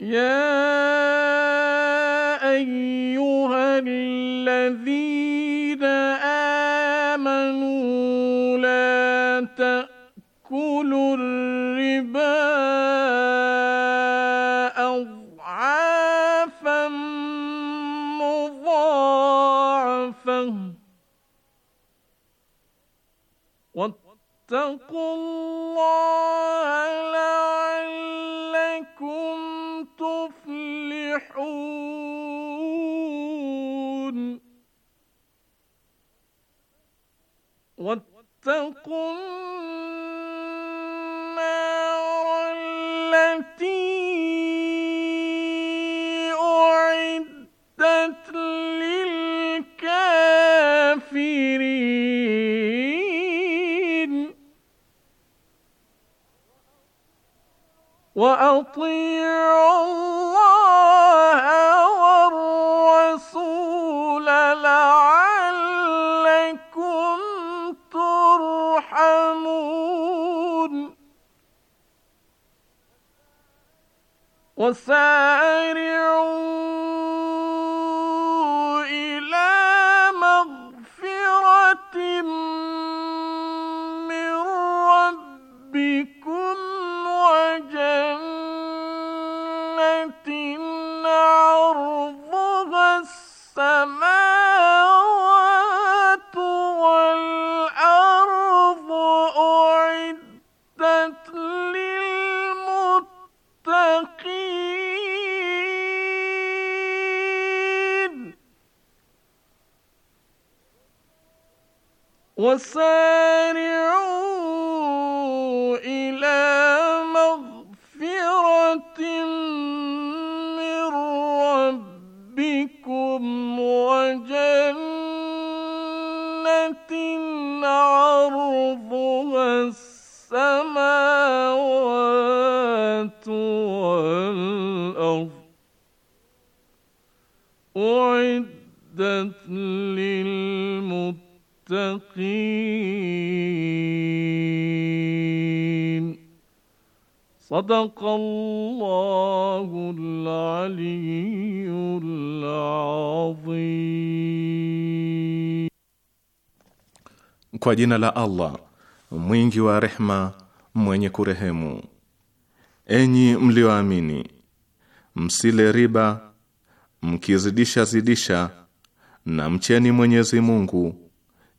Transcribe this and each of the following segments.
يا أيها الذين آمنوا لا تأكلوا الربا أضعافا مضاعفا واتقوا وسارعوا إلى مغفرة من ربكم وجنة عرضها السماوات والأرض أعدت لي المتقين صدق الله العلي العظيم Kwa jina la Allah mwingi wa rehma mwenye kurehemu Enyi mlioamini msile riba mkizidisha zidisha na mcheni Mwenyezi Mungu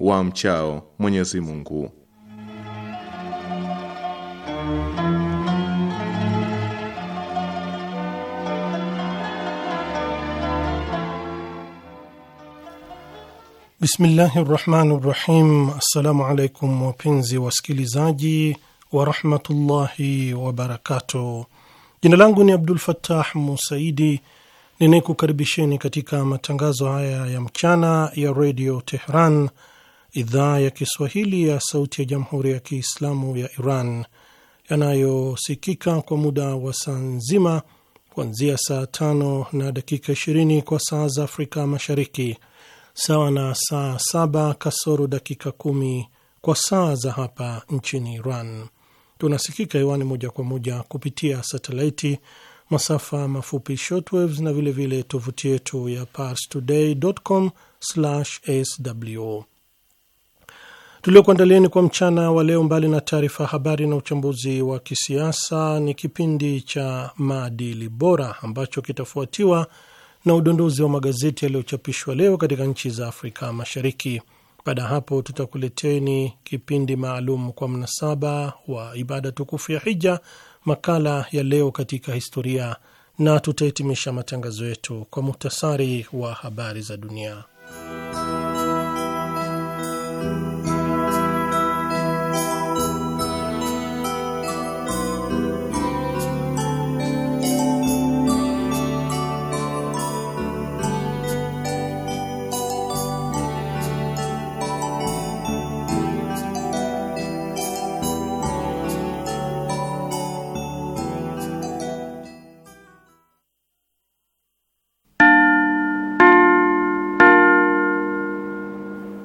wa mchao Mwenyezi Mungu. Bismillahi rahmani rahim. Assalamu alaikum wapenzi wasikilizaji warahmatullahi wabarakatuh. Jina langu ni Abdul Fattah Musaidi ninayekukaribisheni katika matangazo haya ya mchana ya redio Tehran idhaa ya Kiswahili ya Sauti ya Jamhuri ya Kiislamu ya Iran yanayosikika kwa muda wa saa nzima kuanzia saa tano na dakika 20 kwa saa za Afrika Mashariki, sawa na saa saba kasoro dakika kumi kwa saa za hapa nchini Iran. Tunasikika hewani moja kwa moja kupitia satelaiti, masafa mafupi shortwaves, na vilevile tovuti yetu ya parstoday.com/sw tuliokuandalieni kwa mchana wa leo, mbali na taarifa ya habari na uchambuzi wa kisiasa, ni kipindi cha maadili bora ambacho kitafuatiwa na udondozi wa magazeti yaliyochapishwa leo katika nchi za Afrika Mashariki. Baada ya hapo, tutakuleteni kipindi maalum kwa mnasaba wa ibada tukufu ya Hija, makala ya leo katika historia, na tutahitimisha matangazo yetu kwa muhtasari wa habari za dunia.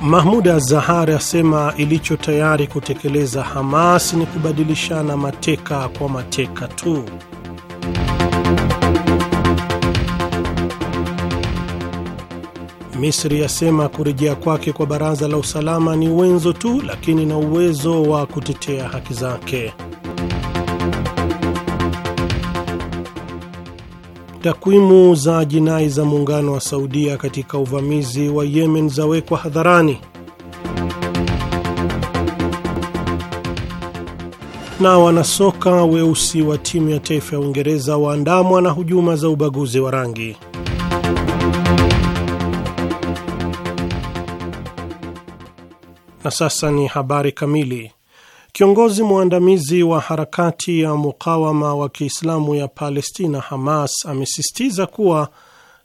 Mahmud Azahari asema ilicho tayari kutekeleza Hamas ni kubadilishana mateka kwa mateka tu. Misri yasema kurejea kwake kwa baraza la usalama ni wenzo tu, lakini na uwezo wa kutetea haki zake. Takwimu za jinai za muungano wa Saudia katika uvamizi wa Yemen zawekwa hadharani, na wanasoka weusi wa timu ya taifa ya Uingereza waandamwa na hujuma za ubaguzi wa rangi. Na sasa ni habari kamili. Kiongozi mwandamizi wa harakati ya mukawama wa Kiislamu ya Palestina, Hamas, amesisitiza kuwa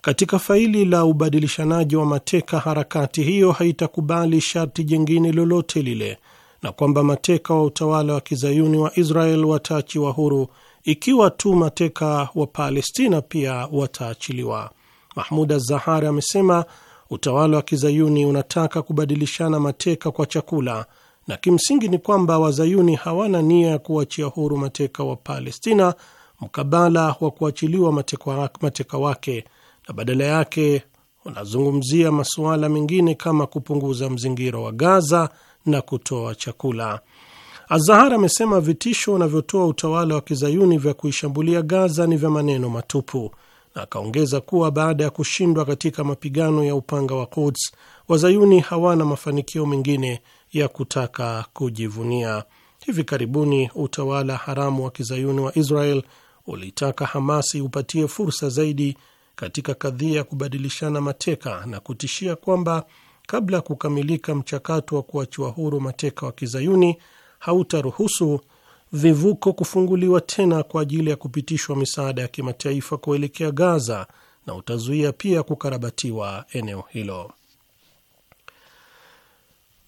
katika faili la ubadilishanaji wa mateka, harakati hiyo haitakubali sharti jingine lolote lile, na kwamba mateka wa utawala wa kizayuni wa Israel wataachiwa huru ikiwa tu mateka wa Palestina pia wataachiliwa. Mahmud Azahari amesema utawala wa kizayuni unataka kubadilishana mateka kwa chakula na kimsingi ni kwamba wazayuni hawana nia ya kuachia huru mateka wa Palestina mkabala wa kuachiliwa mateka, wake na badala yake wanazungumzia masuala mengine kama kupunguza mzingiro wa Gaza na kutoa chakula. Azahar amesema vitisho wanavyotoa utawala wa kizayuni vya kuishambulia Gaza ni vya maneno matupu, na akaongeza kuwa baada ya kushindwa katika mapigano ya upanga wa Quds Wazayuni hawana mafanikio mengine ya kutaka kujivunia. Hivi karibuni utawala haramu wa kizayuni wa Israel ulitaka Hamasi upatie fursa zaidi katika kadhia ya kubadilishana mateka na kutishia kwamba kabla ya kukamilika mchakato wa kuachiwa huru mateka wa kizayuni hautaruhusu vivuko kufunguliwa tena kwa ajili ya kupitishwa misaada ya kimataifa kuelekea Gaza na utazuia pia kukarabatiwa eneo hilo.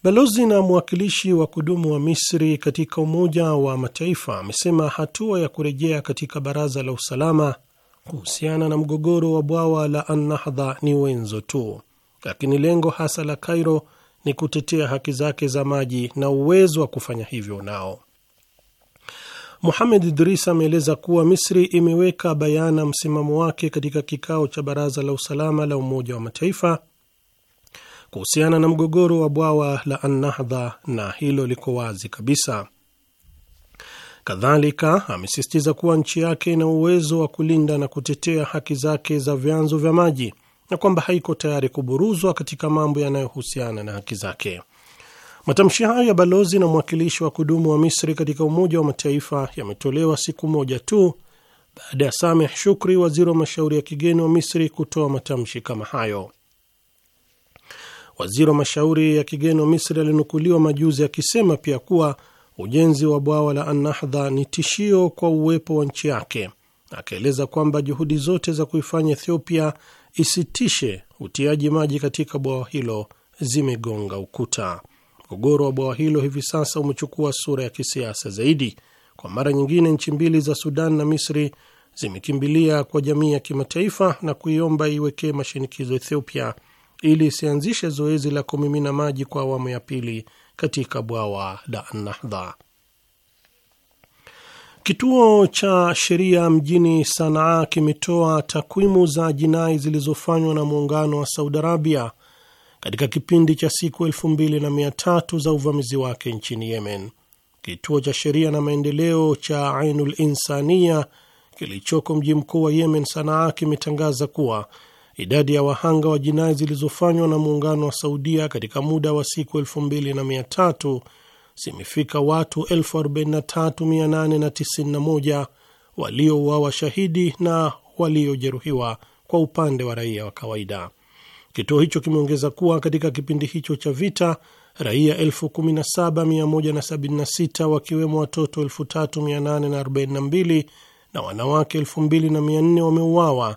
Balozi na mwakilishi wa kudumu wa Misri katika Umoja wa Mataifa amesema hatua ya kurejea katika Baraza la Usalama kuhusiana na mgogoro wa bwawa la Annahdha ni wenzo tu, lakini lengo hasa la Kairo ni kutetea haki zake za maji na uwezo wa kufanya hivyo nao. Muhamed Idris ameeleza kuwa Misri imeweka bayana msimamo wake katika kikao cha Baraza la Usalama la Umoja wa Mataifa kuhusiana na mgogoro wa bwawa la Annahdha, na hilo liko wazi kabisa. Kadhalika amesisitiza kuwa nchi yake ina uwezo wa kulinda na kutetea haki zake za vyanzo vya maji na kwamba haiko tayari kuburuzwa katika mambo yanayohusiana na haki zake. Matamshi hayo ya balozi na mwakilishi wa kudumu wa Misri katika Umoja wa Mataifa yametolewa siku moja tu baada ya Sameh Shukri, waziri wa mashauri ya kigeni wa Misri, kutoa matamshi kama hayo. Waziri wa mashauri ya kigeni wa Misri alinukuliwa majuzi akisema pia kuwa ujenzi wa bwawa la Annahdha ni tishio kwa uwepo wa nchi yake, akaeleza kwamba juhudi zote za kuifanya Ethiopia isitishe utiaji maji katika bwawa hilo zimegonga ukuta. Mgogoro wa bwawa hilo hivi sasa umechukua sura ya kisiasa zaidi. Kwa mara nyingine, nchi mbili za Sudan na Misri zimekimbilia kwa jamii ya kimataifa na kuiomba iwekee mashinikizo Ethiopia ili isianzishe zoezi la kumimina maji kwa awamu ya pili katika bwawa la Nahdha. Kituo cha sheria mjini Sanaa kimetoa takwimu za jinai zilizofanywa na muungano wa Saudi Arabia katika kipindi cha siku elfu mbili na mia tatu za uvamizi wake nchini Yemen. Kituo cha sheria na maendeleo cha Ainul Insania kilichoko mji mkuu wa Yemen, Sanaa, kimetangaza kuwa Idadi ya wahanga wa jinai zilizofanywa na muungano wa Saudia katika muda wa siku 2300 zimefika watu 43891 waliouawa shahidi na waliojeruhiwa kwa upande wa raia wa kawaida. Kituo hicho kimeongeza kuwa katika kipindi hicho cha vita raia 17176 wakiwemo watoto 3842 na wanawake 2400 wameuawa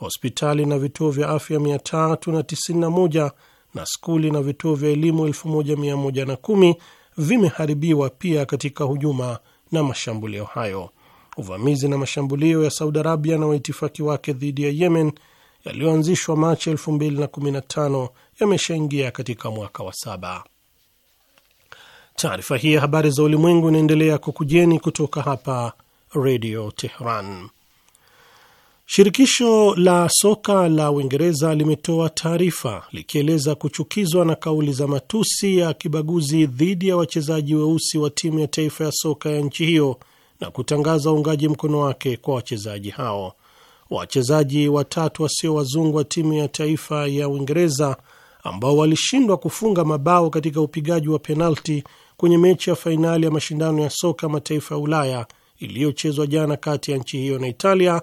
hospitali na vituo vya afya 391 na skuli na vituo vya elimu 1110 vimeharibiwa pia katika hujuma na mashambulio hayo. Uvamizi na mashambulio ya Saudi Arabia na waitifaki wake dhidi ya Yemen yaliyoanzishwa Machi 2015 yameshaingia katika mwaka wa saba. Taarifa hii ya habari za ulimwengu inaendelea kukujeni kutoka hapa Redio Tehran. Shirikisho la soka la Uingereza limetoa taarifa likieleza kuchukizwa na kauli za matusi ya kibaguzi dhidi ya wachezaji weusi wa timu ya taifa ya soka ya nchi hiyo na kutangaza uungaji mkono wake kwa wachezaji hao. Wachezaji watatu wasio wazungu wa timu ya taifa ya Uingereza ambao walishindwa kufunga mabao katika upigaji wa penalti kwenye mechi ya fainali ya mashindano ya soka mataifa ya Ulaya iliyochezwa jana kati ya nchi hiyo na Italia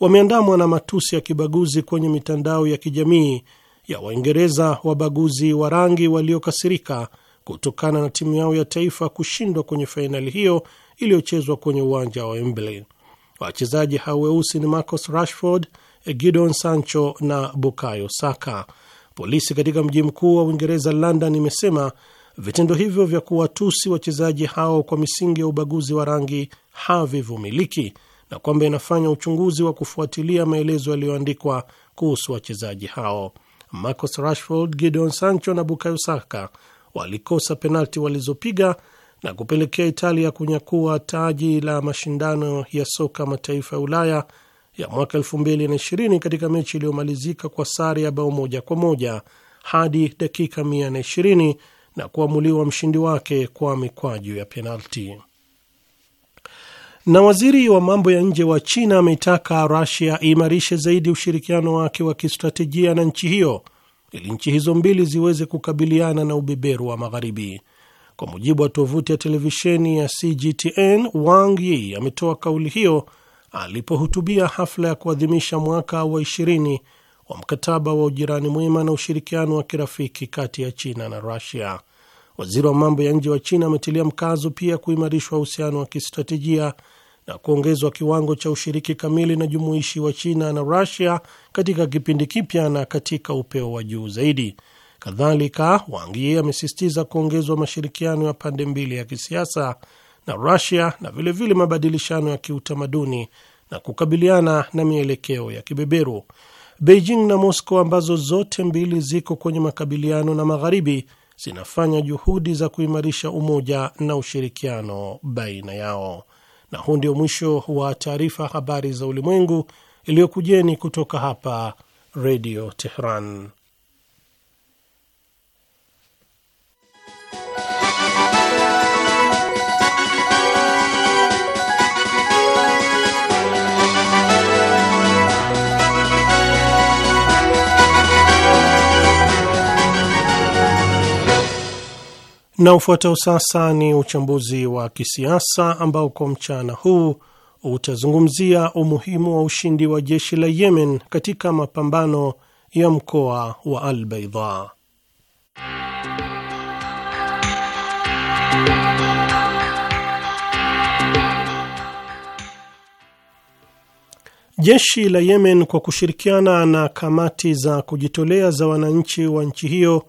wameandamwa na matusi ya kibaguzi kwenye mitandao ya kijamii ya Waingereza wabaguzi wa rangi waliokasirika kutokana na timu yao ya taifa kushindwa kwenye fainali hiyo iliyochezwa kwenye uwanja wa Wembley. Wachezaji hao weusi ni Marcus Rashford, gidon Sancho na Bukayo Saka. Polisi katika mji mkuu wa Uingereza, London, imesema vitendo hivyo vya kuwatusi wachezaji hao kwa misingi ya ubaguzi wa rangi havivumiliki na kwamba inafanya uchunguzi wa kufuatilia maelezo yaliyoandikwa kuhusu wachezaji hao. Marcus Rashford, Gideon Sancho na Bukayo Saka walikosa penalti walizopiga na kupelekea Italia kunyakua taji la mashindano ya soka mataifa ya Ulaya ya mwaka 2020 katika mechi iliyomalizika kwa sare ya bao moja kwa moja hadi dakika 120 na kuamuliwa mshindi wake kwa mikwaju ya penalti. Na waziri wa mambo ya nje wa China ametaka rasia iimarishe zaidi ushirikiano wake wa kistratejia na nchi hiyo ili nchi hizo mbili ziweze kukabiliana na ubeberu wa Magharibi. Kwa mujibu wa tovuti ya televisheni ya CGTN, Wang Yi ametoa kauli hiyo alipohutubia hafla ya kuadhimisha mwaka wa ishirini wa mkataba wa ujirani mwema na ushirikiano wa kirafiki kati ya China na rusia Waziri wa mambo ya nje wa China ametilia mkazo pia kuimarishwa uhusiano wa kistratejia na kuongezwa kiwango cha ushiriki kamili na jumuishi wa China na Rusia katika kipindi kipya na katika upeo wa juu zaidi. Kadhalika, Wang Yi amesisitiza kuongezwa mashirikiano ya pande mbili ya kisiasa na Rusia na vilevile vile mabadilishano ya kiutamaduni na kukabiliana na mielekeo ya kibeberu. Beijing na Moscow ambazo zote mbili ziko kwenye makabiliano na Magharibi zinafanya juhudi za kuimarisha umoja na ushirikiano baina yao. Na huu ndio mwisho wa taarifa habari za ulimwengu iliyokujeni kutoka hapa Redio Tehran. Na ufuatao sasa ni uchambuzi wa kisiasa ambao kwa mchana huu utazungumzia umuhimu wa ushindi wa jeshi la Yemen katika mapambano ya mkoa wa Al-Baidha. Jeshi la Yemen kwa kushirikiana na kamati za kujitolea za wananchi wa nchi hiyo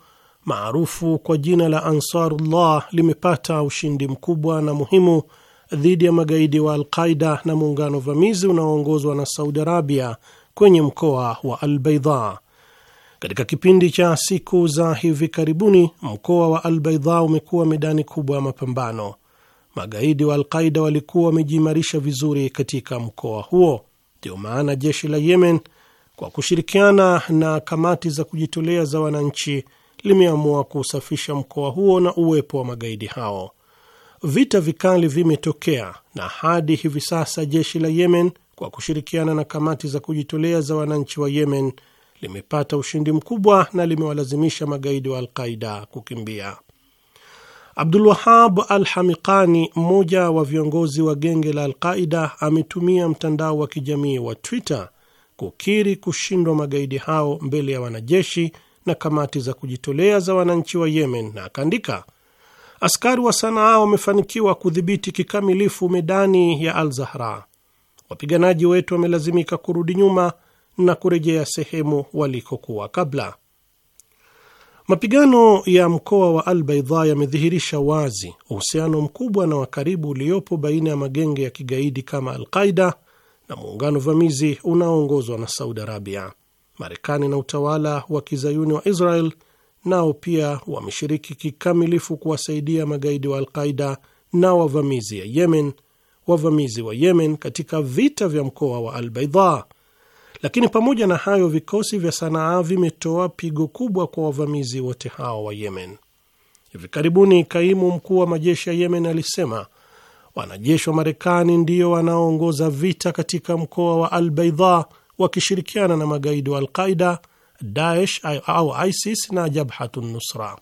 maarufu kwa jina la Ansarullah limepata ushindi mkubwa na muhimu dhidi ya magaidi wa Alqaida na muungano vamizi unaoongozwa na Saudi Arabia kwenye mkoa wa Albaidha. Katika kipindi cha siku za hivi karibuni, mkoa wa Albaidha umekuwa medani kubwa ya mapambano. Magaidi wa Alqaida walikuwa wamejiimarisha vizuri katika mkoa huo, ndio maana jeshi la Yemen kwa kushirikiana na kamati za kujitolea za wananchi limeamua kusafisha mkoa huo na uwepo wa magaidi hao. Vita vikali vimetokea na hadi hivi sasa jeshi la Yemen kwa kushirikiana na kamati za kujitolea za wananchi wa Yemen limepata ushindi mkubwa na limewalazimisha magaidi wa Alqaida kukimbia. Abdulwahab Al Hamiqani, mmoja wa viongozi wa genge la Alqaida, ametumia mtandao wa kijamii wa Twitter kukiri kushindwa magaidi hao mbele ya wanajeshi na kamati za kujitolea za wananchi wa Yemen na akaandika, askari wa Sanaa wamefanikiwa kudhibiti kikamilifu medani ya Al Zahra. Wapiganaji wetu wamelazimika kurudi nyuma na kurejea sehemu walikokuwa kabla. Mapigano ya mkoa wa Al Baidha yamedhihirisha wazi uhusiano mkubwa na wa karibu uliopo baina ya magenge ya kigaidi kama Al Qaida na muungano vamizi unaoongozwa na Saudi Arabia. Marekani na utawala wa kizayuni wa Israel nao pia wameshiriki kikamilifu kuwasaidia magaidi wa Alqaida na wavamizi ya Yemen, wavamizi wa Yemen katika vita vya mkoa wa al Baidha. Lakini pamoja na hayo, vikosi vya Sanaa vimetoa pigo kubwa kwa wavamizi wote hao wa Yemen. Hivi karibuni kaimu mkuu wa majeshi ya Yemen alisema wanajeshi wa Marekani ndio wanaoongoza vita katika mkoa wa al Baidha wakishirikiana na magaidi wa Alqaida, Daesh au ISIS na Jabhatu Nusra.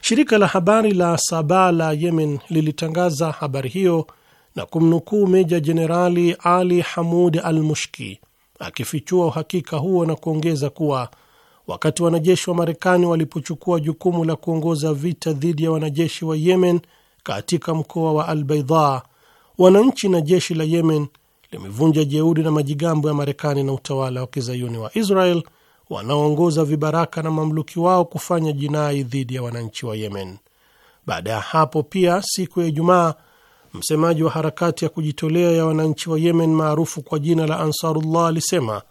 Shirika la habari la Saba la Yemen lilitangaza habari hiyo na kumnukuu Meja Jenerali Ali Hamud Al Mushki akifichua uhakika huo na kuongeza kuwa wakati wanajeshi wa Marekani walipochukua jukumu la kuongoza vita dhidi ya wanajeshi wa Yemen katika mkoa wa Al Baidha, wananchi na jeshi la Yemen limevunja jeuri na majigambo ya Marekani na utawala wa kizayuni wa Israel wanaoongoza vibaraka na mamluki wao kufanya jinai dhidi ya wananchi wa Yemen. Baada ya hapo pia, siku ya Ijumaa, msemaji wa harakati ya kujitolea ya wananchi wa Yemen maarufu kwa jina la Ansarullah alisema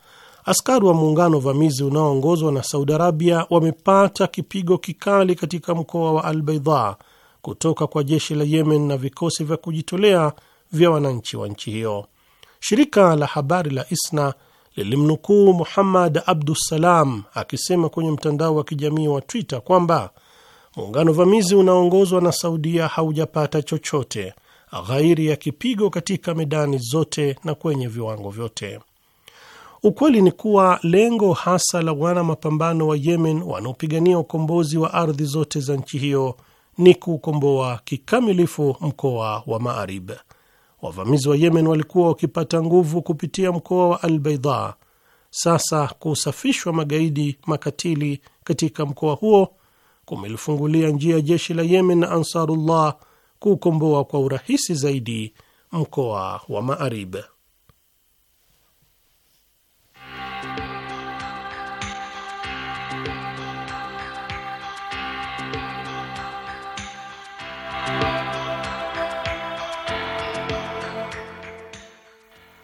askari wa muungano vamizi unaoongozwa na Saudi Arabia wamepata kipigo kikali katika mkoa wa Al Baidha kutoka kwa jeshi la Yemen na vikosi vya kujitolea vya wananchi wa nchi hiyo. Shirika la habari la ISNA lilimnukuu Muhammad abdusalam akisema kwenye mtandao wa kijamii wa Twitter kwamba muungano vamizi unaoongozwa na Saudia haujapata chochote ghairi ya kipigo katika medani zote na kwenye viwango vyote. Ukweli ni kuwa lengo hasa la wana mapambano wa Yemen wanaopigania ukombozi wa ardhi zote za nchi hiyo ni kuukomboa kikamilifu mkoa wa Maarib wavamizi wa Yemen walikuwa wakipata nguvu kupitia mkoa wa al Baida. Sasa kusafishwa magaidi makatili katika mkoa huo kumelifungulia njia jeshi la Yemen na Ansarullah kuukomboa kwa urahisi zaidi mkoa wa Maarib.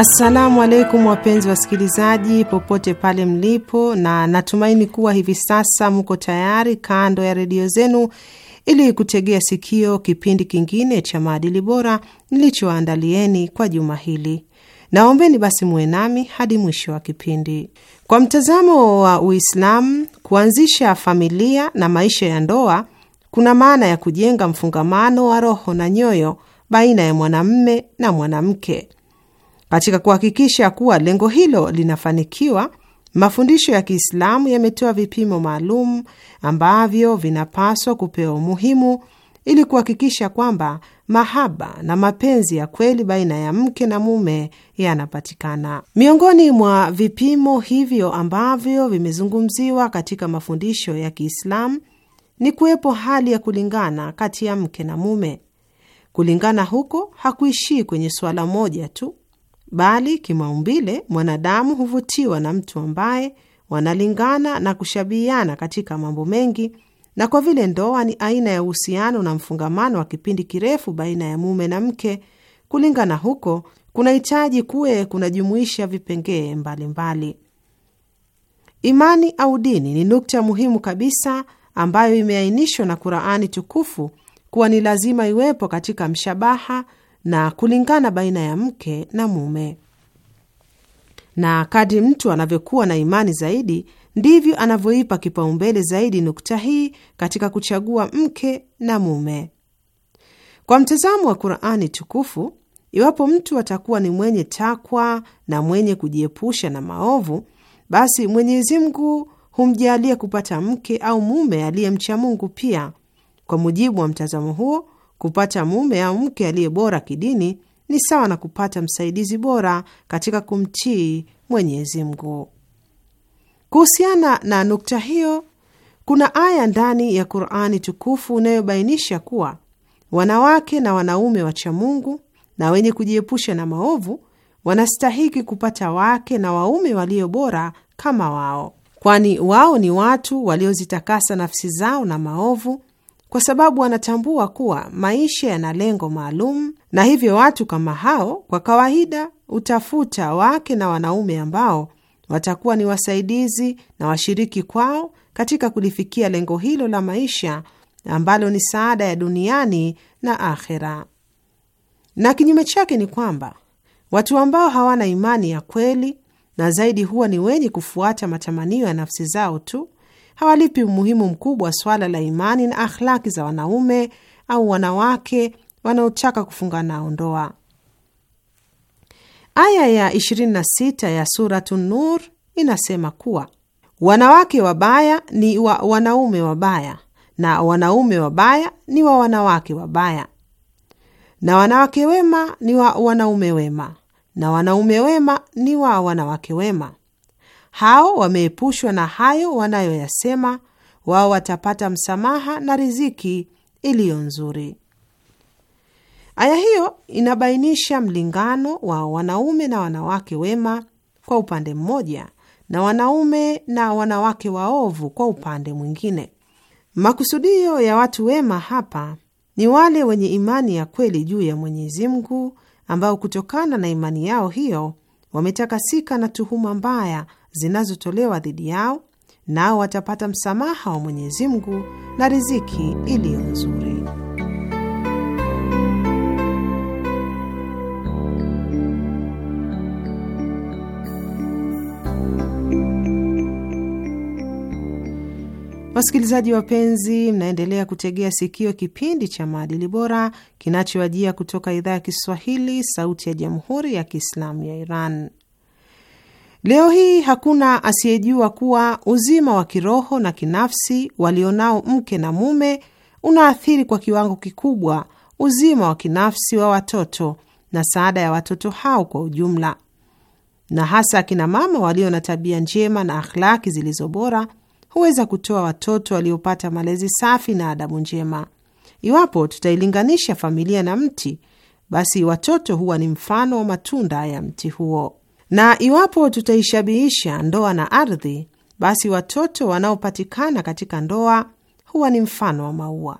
Assalamu alaikum wapenzi wasikilizaji, popote pale mlipo, na natumaini kuwa hivi sasa mko tayari kando ya redio zenu ili kutegea sikio kipindi kingine cha maadili bora nilichoandalieni kwa juma hili. Naombeni basi muwe nami hadi mwisho wa kipindi. Kwa mtazamo wa Uislamu, kuanzisha familia na maisha ya ndoa kuna maana ya kujenga mfungamano wa roho na nyoyo baina ya mwanamme na mwanamke katika kuhakikisha kuwa lengo hilo linafanikiwa, mafundisho ya Kiislamu yametoa vipimo maalum ambavyo vinapaswa kupewa umuhimu ili kuhakikisha kwamba mahaba na mapenzi ya kweli baina ya mke na mume yanapatikana. Miongoni mwa vipimo hivyo ambavyo vimezungumziwa katika mafundisho ya Kiislamu ni kuwepo hali ya kulingana kati ya mke na mume. Kulingana huko hakuishii kwenye suala moja tu, bali kimaumbile mwanadamu huvutiwa na mtu ambaye wanalingana na kushabihiana katika mambo mengi, na kwa vile ndoa ni aina ya uhusiano na mfungamano wa kipindi kirefu baina ya mume na mke, kulingana huko kunahitaji kuwe kunajumuisha vipengee mbalimbali. Imani au dini ni nukta muhimu kabisa ambayo imeainishwa na Qur'ani tukufu kuwa ni lazima iwepo katika mshabaha na kulingana baina ya mke na mume. Na kadri mtu anavyokuwa na imani zaidi, ndivyo anavyoipa kipaumbele zaidi nukta hii katika kuchagua mke na mume. Kwa mtazamo wa Qur'ani tukufu, iwapo mtu atakuwa ni mwenye takwa na mwenye kujiepusha na maovu, basi Mwenyezi Mungu humjalia kupata mke au mume aliyemcha Mungu pia. Kwa mujibu wa mtazamo huo, Kupata mume au mke aliye bora kidini ni sawa na kupata msaidizi bora katika kumtii Mwenyezi Mungu. Kuhusiana na nukta hiyo, kuna aya ndani ya Qur'ani tukufu inayobainisha kuwa wanawake na wanaume wacha Mungu na wenye kujiepusha na maovu wanastahiki kupata wake na waume walio bora kama wao, kwani wao ni watu waliozitakasa nafsi zao na maovu kwa sababu wanatambua kuwa maisha yana lengo maalum, na hivyo watu kama hao kwa kawaida utafuta wake na wanaume ambao watakuwa ni wasaidizi na washiriki kwao katika kulifikia lengo hilo la maisha ambalo ni saada ya duniani na akhera. Na kinyume chake ni kwamba watu ambao hawana imani ya kweli na zaidi huwa ni wenye kufuata matamanio ya nafsi zao tu hawalipi umuhimu mkubwa swala la imani na akhlaki za wanaume au wanawake wanaotaka kufunga nao ndoa. Aya ya 26 ya Suratu Nur inasema kuwa wanawake wabaya ni wa wanaume wabaya na wanaume wabaya ni wa wanawake wabaya, na wanawake wema ni wa wanaume wema na wanaume wema ni wa wanawake wema. Hao wameepushwa na hayo wanayoyasema, wao watapata msamaha na riziki iliyo nzuri. Aya hiyo inabainisha mlingano wa wanaume na wanawake wema kwa upande mmoja na wanaume na wanawake waovu kwa upande mwingine. Makusudio ya watu wema hapa ni wale wenye imani ya kweli juu ya Mwenyezi Mungu, ambao kutokana na imani yao hiyo wametakasika na tuhuma mbaya zinazotolewa dhidi yao, nao watapata msamaha wa Mwenyezi Mungu na riziki iliyo nzuri. Wasikilizaji wapenzi, mnaendelea kutegea sikio kipindi cha maadili bora kinachoajia kutoka idhaa ya Kiswahili, Sauti ya Jamhuri ya Kiislamu ya Iran. Leo hii hakuna asiyejua kuwa uzima wa kiroho na kinafsi walionao mke na mume unaathiri kwa kiwango kikubwa uzima wa kinafsi wa watoto na saada ya watoto hao kwa ujumla, na hasa akina mama walio na tabia njema na akhlaki zilizo bora huweza kutoa watoto waliopata malezi safi na adabu njema. Iwapo tutailinganisha familia na mti, basi watoto huwa ni mfano wa matunda ya mti huo na iwapo tutaishabihisha ndoa na ardhi, basi watoto wanaopatikana katika ndoa huwa ni mfano wa maua.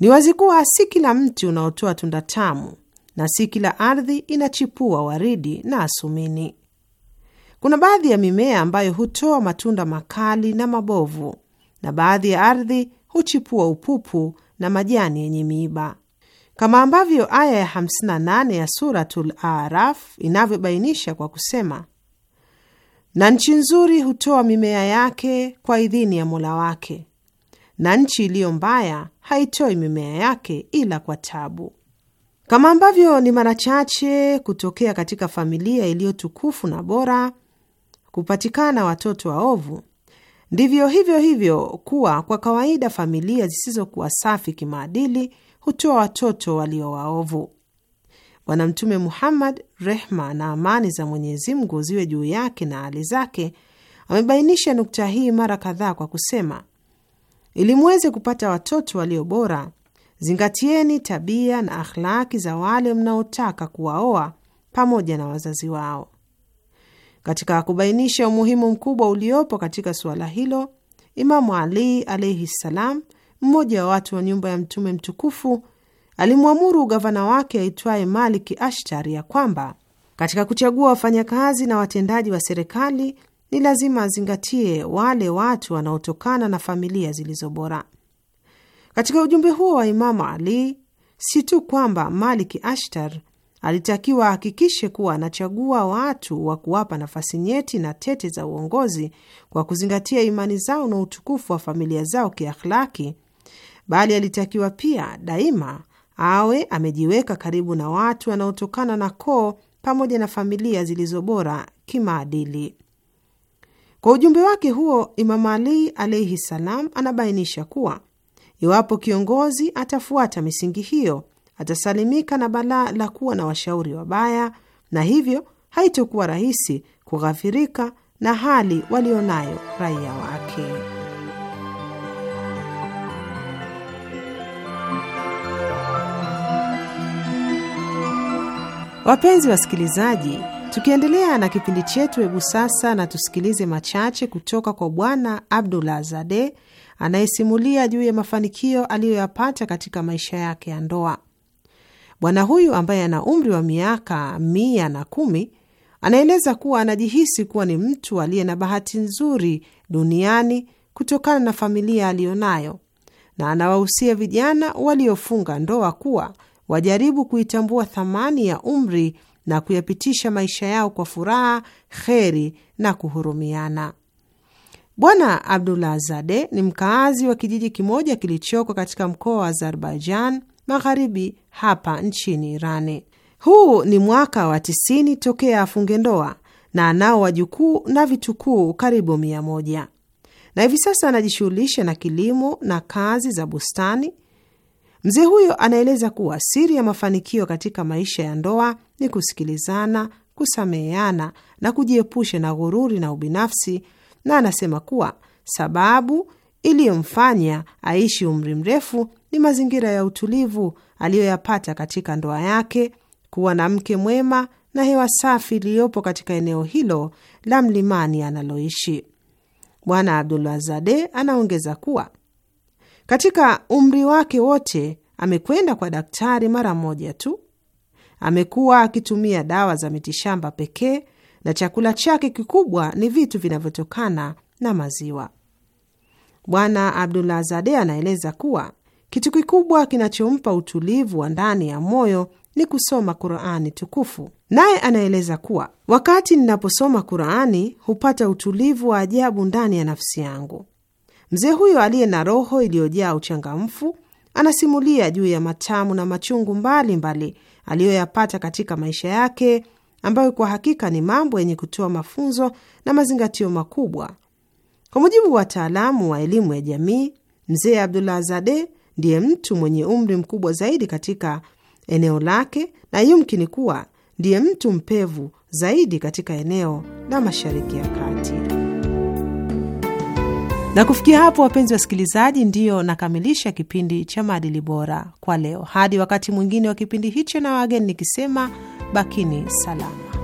Ni wazi kuwa si kila mti unaotoa tunda tamu na si kila ardhi inachipua waridi na asumini. Kuna baadhi ya mimea ambayo hutoa matunda makali na mabovu, na baadhi ya ardhi huchipua upupu na majani yenye miiba kama ambavyo aya ya 58 ya Suratul Araf inavyobainisha kwa kusema, na nchi nzuri hutoa mimea yake kwa idhini ya Mola wake, na nchi iliyo mbaya haitoi mimea yake ila kwa tabu. Kama ambavyo ni mara chache kutokea katika familia iliyo tukufu na bora kupatikana watoto waovu, ndivyo hivyo hivyo kuwa kwa kawaida familia zisizokuwa safi kimaadili hutoa watoto walio waovu. Bwana Mtume Muhammad, rehma na amani za Mwenyezi Mungu ziwe juu yake na hali zake, amebainisha nukta hii mara kadhaa kwa kusema, ili mweze kupata watoto walio bora, zingatieni tabia na akhlaki za wale mnaotaka kuwaoa pamoja na wazazi wao. Katika kubainisha umuhimu mkubwa uliopo katika suala hilo, Imamu Ali alaihi ssalam mmoja wa watu wa nyumba ya Mtume mtukufu alimwamuru gavana wake aitwaye Malik ashtar ya kwamba katika kuchagua wafanyakazi na watendaji wa serikali ni lazima azingatie wale watu wanaotokana na familia zilizo bora. Katika ujumbe huo wa Imamu Ali, si tu kwamba Malik Ashtar alitakiwa ahakikishe kuwa anachagua watu wa kuwapa nafasi nyeti na tete za uongozi kwa kuzingatia imani zao na utukufu wa familia zao kiakhlaki, bali alitakiwa pia daima awe amejiweka karibu na watu wanaotokana na koo pamoja na familia zilizobora kimaadili. Kwa ujumbe wake huo, Imamu Ali alaihi salam anabainisha kuwa iwapo kiongozi atafuata misingi hiyo atasalimika na balaa la kuwa na washauri wabaya, na hivyo haitokuwa rahisi kughafirika na hali walionayo raia wake. Wapenzi wasikilizaji, tukiendelea na kipindi chetu, hebu sasa na tusikilize machache kutoka kwa Bwana Abdullah Zade anayesimulia juu ya mafanikio aliyoyapata katika maisha yake ya ndoa. Bwana huyu ambaye ana umri wa miaka mia na kumi anaeleza kuwa anajihisi kuwa ni mtu aliye na bahati nzuri duniani kutokana na familia aliyonayo, na anawahusia vijana waliofunga ndoa kuwa wajaribu kuitambua thamani ya umri na kuyapitisha maisha yao kwa furaha, kheri na kuhurumiana. Bwana Abdullah Zade ni mkaazi wa kijiji kimoja kilichoko katika mkoa wa Azerbaijan Magharibi, hapa nchini Irani. Huu ni mwaka wa tisini tokea afunge ndoa na anao wajukuu na vitukuu karibu mia moja na hivi sasa anajishughulisha na kilimo na kazi za bustani Mzee huyo anaeleza kuwa siri ya mafanikio katika maisha ya ndoa ni kusikilizana, kusameheana na kujiepusha na ghururi na ubinafsi, na anasema kuwa sababu iliyomfanya aishi umri mrefu ni mazingira ya utulivu aliyoyapata katika ndoa yake, kuwa na mke mwema na hewa safi iliyopo katika eneo hilo la mlimani analoishi. Bwana abdulazade anaongeza kuwa katika umri wake wote amekwenda kwa daktari mara moja tu. Amekuwa akitumia dawa za mitishamba pekee na chakula chake kikubwa ni vitu vinavyotokana na maziwa. Bwana zade anaeleza kuwa kitu kikubwa kinachompa utulivu wa ndani ya moyo ni kusoma Qurani tukufu. Naye anaeleza kuwa wakati ninaposoma Qurani hupata utulivu wa ajabu ndani ya nafsi yangu. Mzee huyo aliye na roho iliyojaa uchangamfu anasimulia juu ya matamu na machungu mbalimbali aliyoyapata katika maisha yake, ambayo kwa hakika ni mambo yenye kutoa mafunzo na mazingatio makubwa. Kwa mujibu wa wataalamu wa elimu ya jamii, mzee Abdullah Zade ndiye mtu mwenye umri mkubwa zaidi katika eneo lake na yumkini kuwa ndiye mtu mpevu zaidi katika eneo la Mashariki ya Kati. Na kufikia hapo, wapenzi wasikilizaji, ndiyo nakamilisha kipindi cha maadili bora kwa leo. Hadi wakati mwingine wa kipindi hicho, na wageni nikisema bakini salama.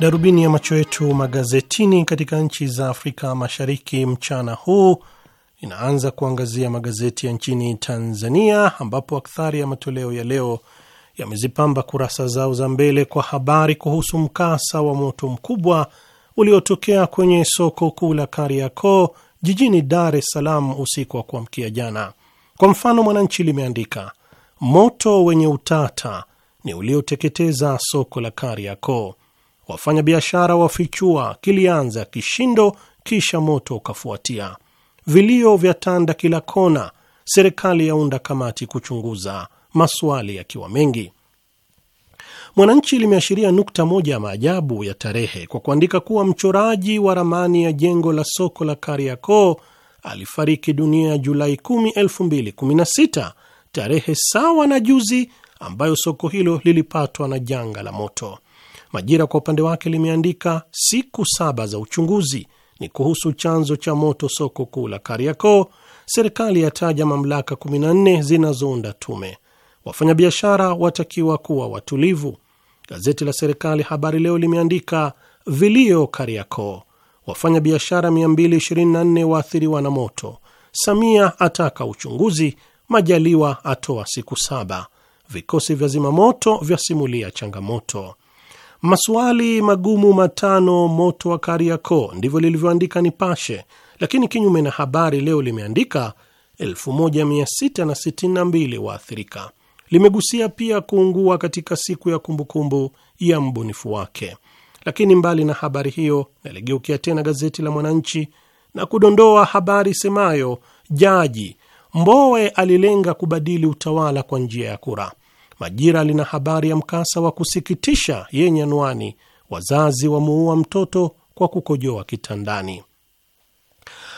Darubini ya macho yetu magazetini katika nchi za Afrika Mashariki mchana huu inaanza kuangazia magazeti ya nchini Tanzania, ambapo akthari ya matoleo ya leo yamezipamba kurasa zao za mbele kwa habari kuhusu mkasa wa moto mkubwa uliotokea kwenye soko kuu la Kariakoo jijini Dar es Salaam usiku wa kuamkia jana. Kwa mfano, Mwananchi limeandika moto wenye utata ni ulioteketeza soko la Kariakoo wafanyabiashara wafichua kilianza kishindo, kisha moto ukafuatia. Vilio vya tanda kila kona, serikali yaunda kamati kuchunguza, maswali yakiwa mengi. Mwananchi limeashiria nukta moja ya maajabu ya tarehe kwa kuandika kuwa mchoraji wa ramani ya jengo la soko la Kariakoo alifariki dunia Julai 10, 2016, tarehe sawa na juzi ambayo soko hilo lilipatwa na janga la moto. Majira kwa upande wake limeandika siku saba za uchunguzi ni kuhusu chanzo cha moto soko kuu la Kariakoo. Serikali yataja mamlaka 14 zinazounda tume. Wafanyabiashara watakiwa kuwa watulivu. Gazeti la serikali Habari Leo limeandika vilio Kariakoo, wafanyabiashara 224 waathiriwa na moto. Samia ataka uchunguzi, Majaliwa atoa siku saba. Vikosi vya zimamoto vyasimulia changamoto maswali magumu matano moto wa Kariakoo, ndivyo lilivyoandika Nipashe, lakini kinyume na habari leo limeandika 1662 waathirika. Limegusia pia kuungua katika siku ya kumbukumbu ya mbunifu wake. Lakini mbali na habari hiyo, naligeukia tena gazeti la Mwananchi na kudondoa habari semayo, jaji Mbowe alilenga kubadili utawala kwa njia ya kura. Majira lina habari ya mkasa wa kusikitisha yenye anwani wazazi wamuua mtoto kwa kukojoa kitandani.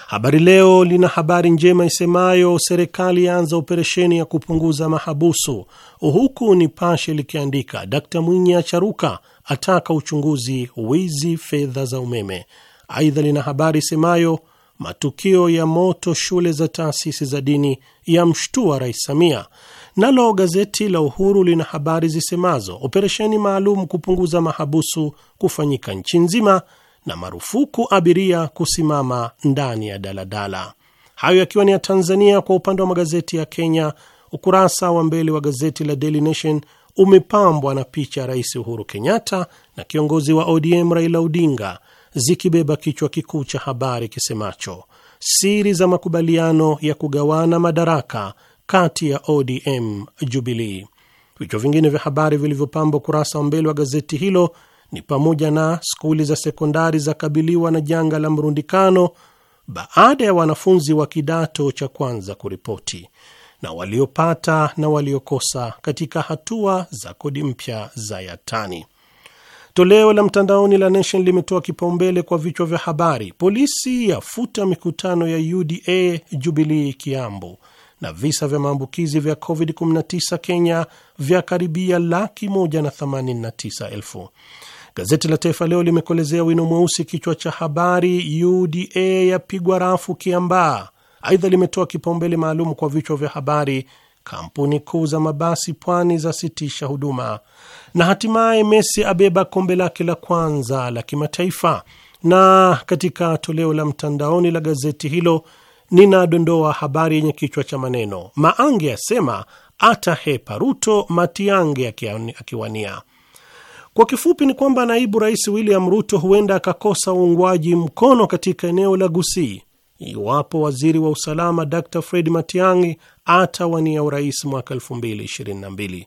Habari Leo lina habari njema isemayo serikali yaanza operesheni ya kupunguza mahabusu, huku Nipashe likiandika Dkt Mwinyi acharuka, ataka uchunguzi wizi fedha za umeme. Aidha lina habari isemayo matukio ya moto shule za taasisi za dini yamshtua Rais Samia. Nalo gazeti la Uhuru lina habari zisemazo operesheni maalum kupunguza mahabusu kufanyika nchi nzima na marufuku abiria kusimama ndani ya daladala. Hayo yakiwa ni ya Tanzania. Kwa upande wa magazeti ya Kenya, ukurasa wa mbele wa gazeti la Daily Nation umepambwa na picha ya Rais Uhuru Kenyatta na kiongozi wa ODM Raila Odinga zikibeba kichwa kikuu cha habari kisemacho siri za makubaliano ya kugawana madaraka kati ya ODM Jubilee. Vichwa vingine vya habari vilivyopambwa ukurasa wa mbele wa gazeti hilo ni pamoja na skuli za sekondari zakabiliwa na janga la mrundikano baada ya wanafunzi wa kidato cha kwanza kuripoti, na waliopata na waliokosa katika hatua za kodi mpya za Yatani. Toleo la mtandaoni la Nation limetoa kipaumbele kwa vichwa vya habari: polisi yafuta mikutano ya UDA Jubilee Kiambu, na visa vya maambukizi vya COVID-19 Kenya vya karibia laki moja na themanini na tisa elfu. Gazeti la Taifa Leo limekolezea wino mweusi kichwa cha habari, UDA yapigwa rafu Kiambaa. Aidha, limetoa kipaumbele maalum kwa vichwa vya habari, kampuni kuu za mabasi pwani zasitisha huduma, na hatimaye Messi abeba kombe lake la kwanza la kimataifa. Na katika toleo la mtandaoni la gazeti hilo ninadondoa habari yenye kichwa cha maneno Maange asema atahepa Ruto Matiange akiwania. Kwa kifupi ni kwamba naibu rais William Ruto huenda akakosa uungwaji mkono katika eneo la Gusii iwapo waziri wa usalama Dr Fred Matiang'i atawania urais mwaka 2022.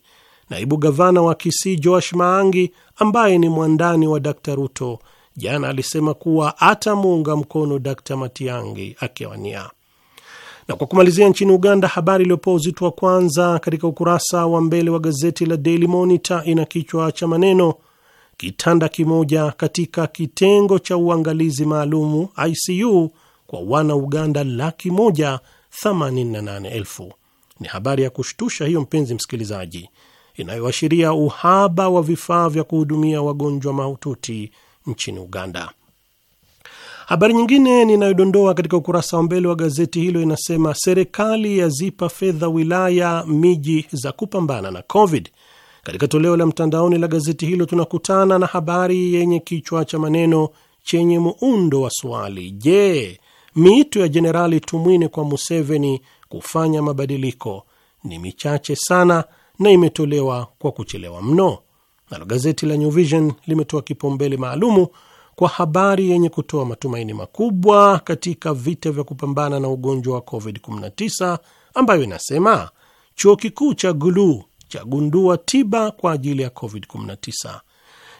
Naibu gavana wa Kisii Joash Maangi ambaye ni mwandani wa Dr Ruto jana alisema kuwa atamuunga mkono d Matiangi akiwania. Na kwa kumalizia, nchini Uganda, habari iliyopewa uzito wa kwanza katika ukurasa wa mbele wa gazeti la Daily Monitor ina kichwa cha maneno kitanda kimoja katika kitengo cha uangalizi maalumu ICU kwa wana Uganda laki moja themanini na nane elfu. Ni habari ya kushtusha hiyo, mpenzi msikilizaji, inayoashiria uhaba wa vifaa vya kuhudumia wagonjwa mahututi nchini Uganda. Habari nyingine ninayodondoa katika ukurasa wa mbele wa gazeti hilo inasema serikali yazipa fedha wilaya miji za kupambana na Covid. Katika toleo la mtandaoni la gazeti hilo tunakutana na habari yenye kichwa cha maneno chenye muundo wa swali: Je, miito ya Jenerali Tumwine kwa Museveni kufanya mabadiliko ni michache sana na imetolewa kwa kuchelewa mno? Nalo gazeti la New Vision limetoa kipaumbele maalumu kwa habari yenye kutoa matumaini makubwa katika vita vya kupambana na ugonjwa wa COVID-19 ambayo inasema chuo kikuu cha Gulu chagundua tiba kwa ajili ya COVID-19.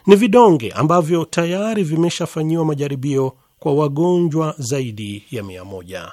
Ni vidonge ambavyo tayari vimeshafanyiwa majaribio kwa wagonjwa zaidi ya mia moja.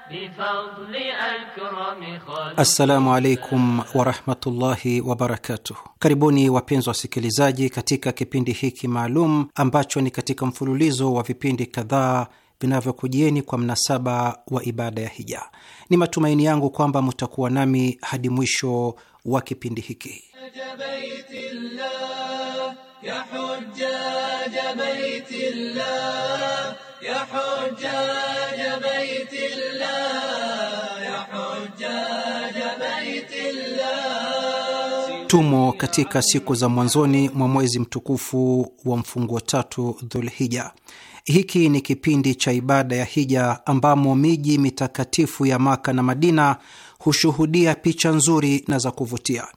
Assalamu alaikum warahmatullahi wabarakatuh. Karibuni wapenzi wasikilizaji, katika kipindi hiki maalum ambacho ni katika mfululizo wa vipindi kadhaa vinavyokujieni kwa mnasaba wa ibada ya hija. Ni matumaini yangu kwamba mutakuwa nami hadi mwisho wa kipindi hiki. Ya Tumo katika siku za mwanzoni mwa mwezi mtukufu wa mfunguo tatu Dhulhija. Hiki ni kipindi cha ibada ya hija ambamo miji mitakatifu ya Maka na Madina hushuhudia picha nzuri na za kuvutia.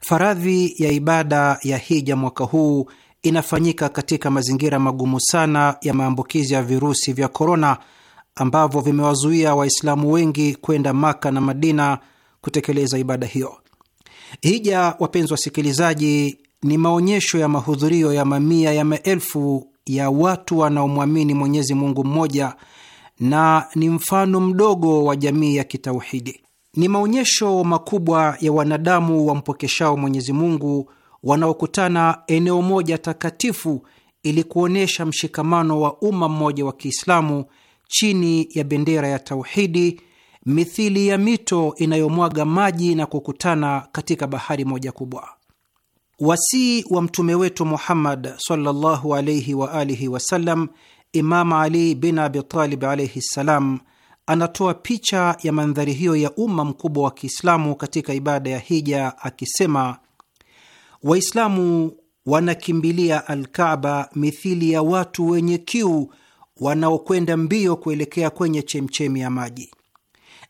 Faradhi ya ibada ya hija mwaka huu inafanyika katika mazingira magumu sana ya maambukizi ya virusi vya korona ambavyo vimewazuia Waislamu wengi kwenda Maka na Madina kutekeleza ibada hiyo. Hija, wapenzi wasikilizaji, ni maonyesho ya mahudhurio ya mamia ya maelfu ya watu wanaomwamini Mwenyezi Mungu mmoja na ni mfano mdogo wa jamii ya kitauhidi. Ni maonyesho makubwa ya wanadamu wampokeshao Mwenyezi Mungu wanaokutana eneo moja takatifu ili kuonyesha mshikamano wa umma mmoja wa Kiislamu chini ya bendera ya tauhidi mithili ya mito inayomwaga maji na kukutana katika bahari moja kubwa. Wasii wa mtume wetu Muhammad sallallahu alayhi wa alihi wasallam, Imam Ali bin Abitalib alaihi ssalam, anatoa picha ya mandhari hiyo ya umma mkubwa wa Kiislamu katika ibada ya hija akisema, Waislamu wanakimbilia Alkaba mithili ya watu wenye kiu wanaokwenda mbio kuelekea kwenye chemchemi ya maji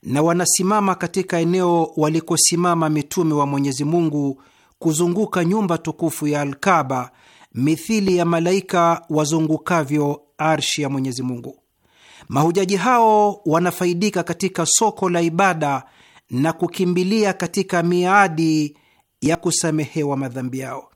na wanasimama katika eneo walikosimama mitume wa Mwenyezi Mungu kuzunguka nyumba tukufu ya Alkaba mithili ya malaika wazungukavyo arshi ya Mwenyezi Mungu. Mahujaji hao wanafaidika katika soko la ibada na kukimbilia katika miadi ya kusamehewa madhambi yao.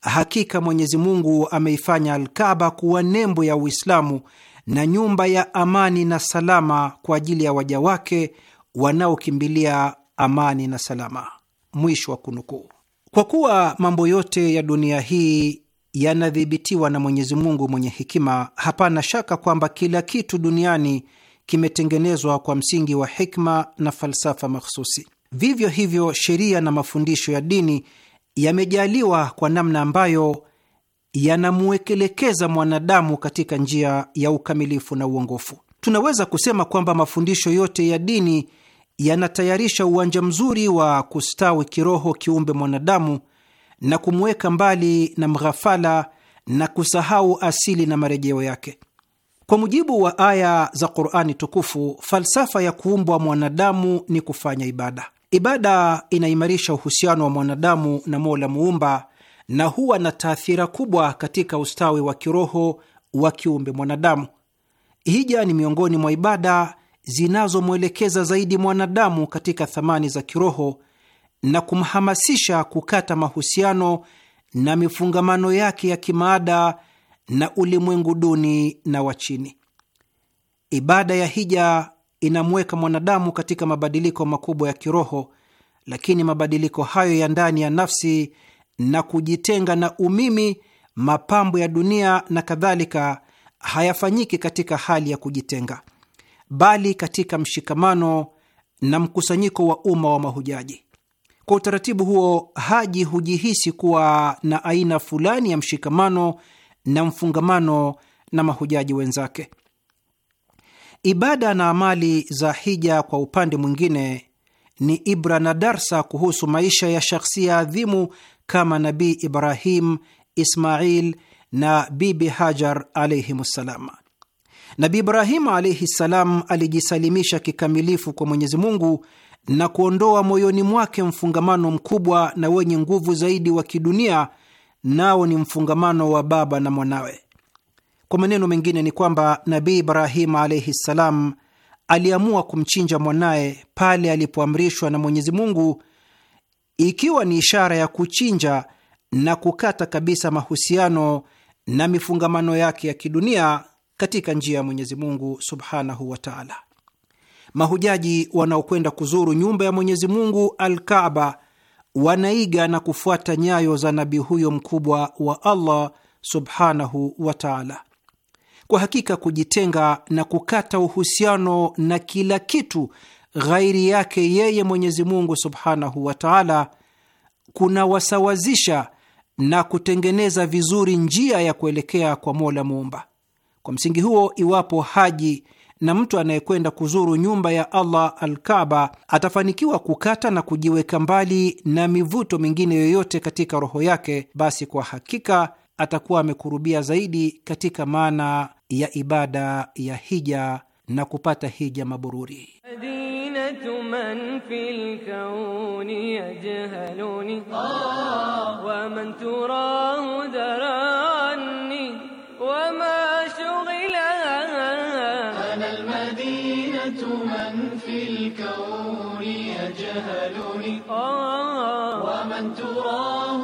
Hakika Mwenyezi Mungu ameifanya Alkaba kuwa nembo ya Uislamu na nyumba ya amani na salama kwa ajili ya waja wake wanaokimbilia amani na salama. Mwisho wa kunukuu. Kwa kuwa mambo yote ya dunia hii yanadhibitiwa na Mwenyezi Mungu mwenye hekima, hapana shaka kwamba kila kitu duniani kimetengenezwa kwa msingi wa hikma na falsafa makhususi. Vivyo hivyo, sheria na mafundisho ya dini yamejaliwa kwa namna ambayo yanamwekelekeza mwanadamu katika njia ya ukamilifu na uongofu. Tunaweza kusema kwamba mafundisho yote ya dini yanatayarisha uwanja mzuri wa kustawi kiroho kiumbe mwanadamu na kumweka mbali na mghafala na kusahau asili na marejeo yake. Kwa mujibu wa aya za Qur'ani tukufu, falsafa ya kuumbwa mwanadamu ni kufanya ibada. Ibada inaimarisha uhusiano wa mwanadamu na Mola muumba na huwa na taathira kubwa katika ustawi wa kiroho wa kiumbe mwanadamu. Hija ni miongoni mwa ibada zinazomwelekeza zaidi mwanadamu katika thamani za kiroho na kumhamasisha kukata mahusiano na mifungamano yake ya kimaada na ulimwengu duni na wa chini. Ibada ya hija inamweka mwanadamu katika mabadiliko makubwa ya kiroho, lakini mabadiliko hayo ya ndani ya nafsi na kujitenga na umimi, mapambo ya dunia na kadhalika, hayafanyiki katika hali ya kujitenga, bali katika mshikamano na mkusanyiko wa umma wa mahujaji. Kwa utaratibu huo, haji hujihisi kuwa na aina fulani ya mshikamano na mfungamano na mahujaji wenzake. Ibada na amali za hija, kwa upande mwingine, ni ibra na darsa kuhusu maisha ya shakhsia adhimu kama Nabii Ibrahim, Ismail na Bibi Hajar alaihim ssalam. Nabii Ibrahimu alaihi ssalam alijisalimisha kikamilifu kwa Mwenyezi Mungu na kuondoa moyoni mwake mfungamano mkubwa na wenye nguvu zaidi wa kidunia, nao ni mfungamano wa baba na mwanawe. Kwa maneno mengine ni kwamba Nabii Ibrahimu alaihi ssalam aliamua kumchinja mwanaye pale alipoamrishwa na Mwenyezi Mungu ikiwa ni ishara ya kuchinja na kukata kabisa mahusiano na mifungamano yake ya kidunia katika njia ya Mwenyezi Mungu subhanahu wa taala. Mahujaji wanaokwenda kuzuru nyumba ya Mwenyezi Mungu Alkaaba wanaiga na kufuata nyayo za nabii huyo mkubwa wa Allah subhanahu wa taala. Kwa hakika kujitenga na kukata uhusiano na kila kitu ghairi yake yeye Mwenyezi Mungu subhanahu wa taala kunawasawazisha na kutengeneza vizuri njia ya kuelekea kwa Mola Muumba. Kwa msingi huo, iwapo haji na mtu anayekwenda kuzuru nyumba ya Allah Alkaba atafanikiwa kukata na kujiweka mbali na mivuto mingine yoyote katika roho yake, basi kwa hakika atakuwa amekurubia zaidi katika maana ya ibada ya hija na kupata hija mabururi. من في الكون يجهلني ومن تراه دراني وما شغل أنا المدينة من في الكون يجهلني آه. ومن تراه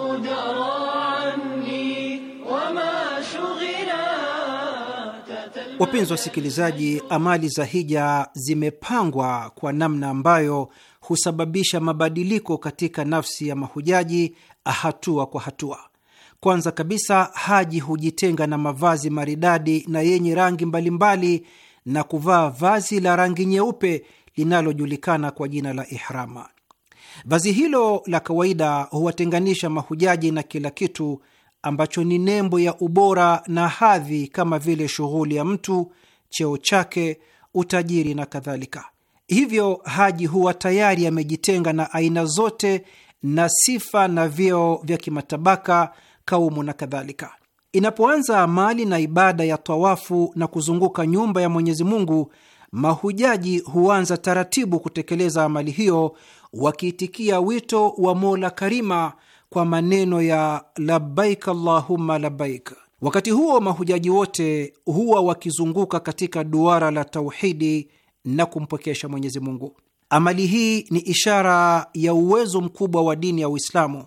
Wapenzi wasikilizaji, amali za hija zimepangwa kwa namna ambayo husababisha mabadiliko katika nafsi ya mahujaji ah, hatua kwa hatua. Kwanza kabisa, haji hujitenga na mavazi maridadi na yenye rangi mbalimbali na kuvaa vazi la rangi nyeupe linalojulikana kwa jina la ihrama. Vazi hilo la kawaida huwatenganisha mahujaji na kila kitu ambacho ni nembo ya ubora na hadhi kama vile shughuli ya mtu, cheo chake, utajiri na kadhalika. Hivyo haji huwa tayari amejitenga na aina zote na sifa na vyeo vya kimatabaka, kaumu na kadhalika. Inapoanza amali na ibada ya tawafu na kuzunguka nyumba ya Mwenyezi Mungu, mahujaji huanza taratibu kutekeleza amali hiyo wakiitikia wito wa Mola Karima kwa maneno ya labbaik allahumma labbaik. Wakati huo mahujaji wote huwa wakizunguka katika duara la tauhidi na kumpwekesha Mwenyezi Mungu. Amali hii ni ishara ya uwezo mkubwa wa dini ya Uislamu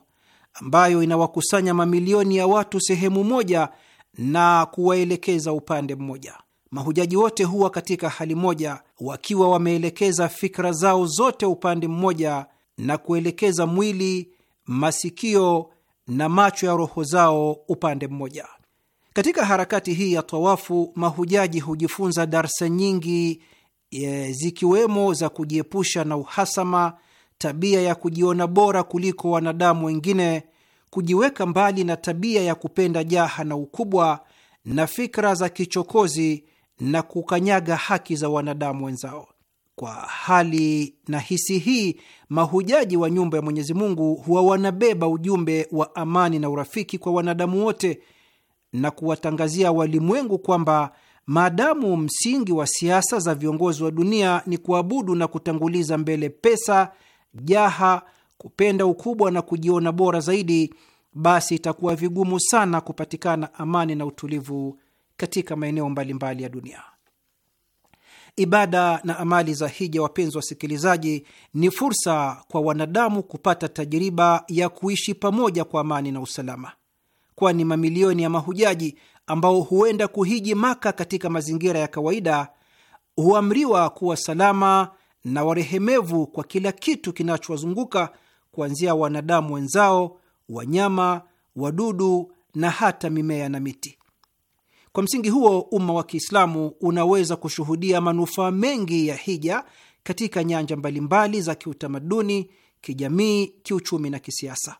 ambayo inawakusanya mamilioni ya watu sehemu moja na kuwaelekeza upande mmoja. Mahujaji wote huwa katika hali moja, wakiwa wameelekeza fikra zao zote upande mmoja na kuelekeza mwili masikio na macho ya roho zao upande mmoja. Katika harakati hii ya tawafu, mahujaji hujifunza darsa nyingi e, zikiwemo za kujiepusha na uhasama, tabia ya kujiona bora kuliko wanadamu wengine, kujiweka mbali na tabia ya kupenda jaha na ukubwa, na fikra za kichokozi na kukanyaga haki za wanadamu wenzao. Kwa hali na hisi hii, mahujaji wa nyumba ya Mwenyezi Mungu huwa wanabeba ujumbe wa amani na urafiki kwa wanadamu wote na kuwatangazia walimwengu kwamba maadamu msingi wa siasa za viongozi wa dunia ni kuabudu na kutanguliza mbele pesa, jaha, kupenda ukubwa na kujiona bora zaidi, basi itakuwa vigumu sana kupatikana amani na utulivu katika maeneo mbalimbali ya dunia. Ibada na amali za hija, wapenzi wasikilizaji, ni fursa kwa wanadamu kupata tajiriba ya kuishi pamoja kwa amani na usalama, kwani mamilioni ya mahujaji ambao huenda kuhiji Maka katika mazingira ya kawaida huamriwa kuwa salama na warehemevu kwa kila kitu kinachowazunguka kuanzia wanadamu wenzao, wanyama, wadudu na hata mimea na miti. Kwa msingi huo, umma wa Kiislamu unaweza kushuhudia manufaa mengi ya hija katika nyanja mbalimbali za kiutamaduni, kijamii, kiuchumi na kisiasa.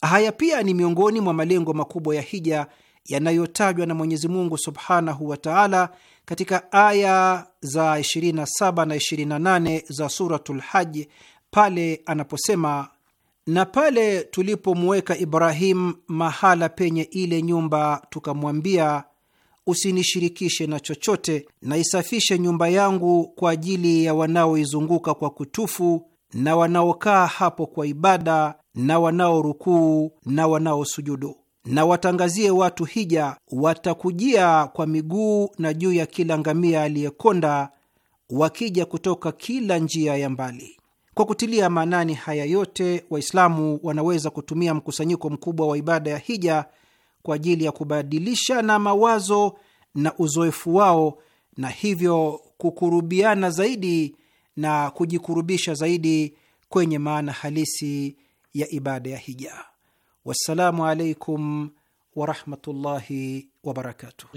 Haya pia ni miongoni mwa malengo makubwa ya hija yanayotajwa na Mwenyezi Mungu subhanahu wa taala katika aya za 27 na 28 za Suratul haj pale anaposema, na pale tulipomuweka Ibrahim mahala penye ile nyumba, tukamwambia usinishirikishe na chochote, na isafishe nyumba yangu kwa ajili ya wanaoizunguka kwa kutufu na wanaokaa hapo kwa ibada na wanaorukuu na wanaosujudu na watangazie watu hija, watakujia kwa miguu na juu ya kila ngamia aliyekonda, wakija kutoka kila njia ya mbali. Kwa kutilia maanani haya yote, Waislamu wanaweza kutumia mkusanyiko mkubwa wa ibada ya hija kwa ajili ya kubadilisha na mawazo na uzoefu wao na hivyo kukurubiana zaidi na kujikurubisha zaidi kwenye maana halisi ya ibada ya hija. Wassalamu alaikum warahmatullahi wabarakatuh.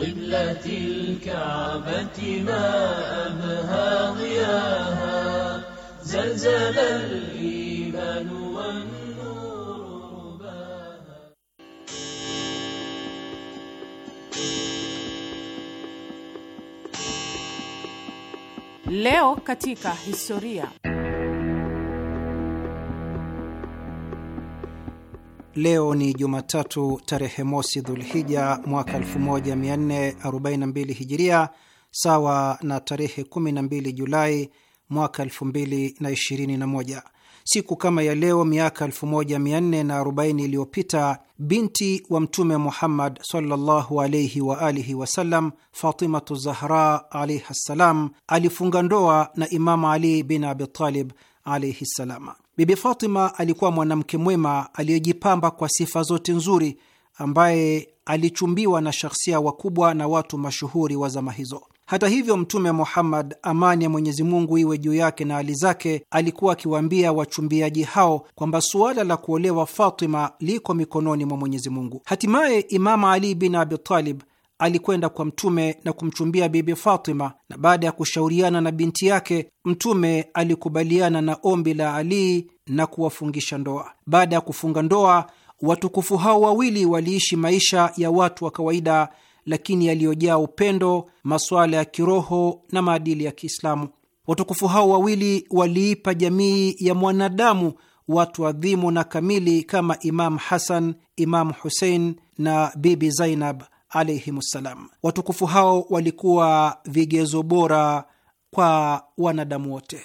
قبلة الكعبة ما أبهى ضياها زلزل الإيمان والنور رباها Leo katika historia. Leo ni Jumatatu, tarehe mosi Dhulhija mwaka 1442 Hijiria, sawa na tarehe 12 Julai mwaka 2021. Siku kama ya leo miaka 1440 iliyopita binti wa Mtume Muhammad sallallahu alaihi wa alihi wasallam, Fatimatu Zahra alaihi ssalam, alifunga ndoa na Imamu Ali bin Abitalib alaihi ssalama. Bibi Fatima alikuwa mwanamke mwema aliyejipamba kwa sifa zote nzuri, ambaye alichumbiwa na shakhsia wakubwa na watu mashuhuri wa zama hizo. Hata hivyo, Mtume Muhammad, amani ya Mwenyezi Mungu iwe juu yake na hali zake, alikuwa akiwaambia wachumbiaji hao kwamba suala la kuolewa Fatima liko mikononi mwa Mwenyezi Mungu. Hatimaye Imama Ali bin Abi Talib alikwenda kwa Mtume na kumchumbia Bibi Fatima, na baada ya kushauriana na binti yake, Mtume alikubaliana na ombi la Ali na kuwafungisha ndoa. Baada ya kufunga ndoa, watukufu hao wawili waliishi maisha ya watu wa kawaida, lakini yaliyojaa upendo, masuala ya kiroho na maadili ya Kiislamu. Watukufu hao wawili waliipa jamii ya mwanadamu watu adhimu na kamili kama Imamu Hasan, Imamu Husein na Bibi Zainab alaihimussalam. Watukufu hao walikuwa vigezo bora kwa wanadamu wote.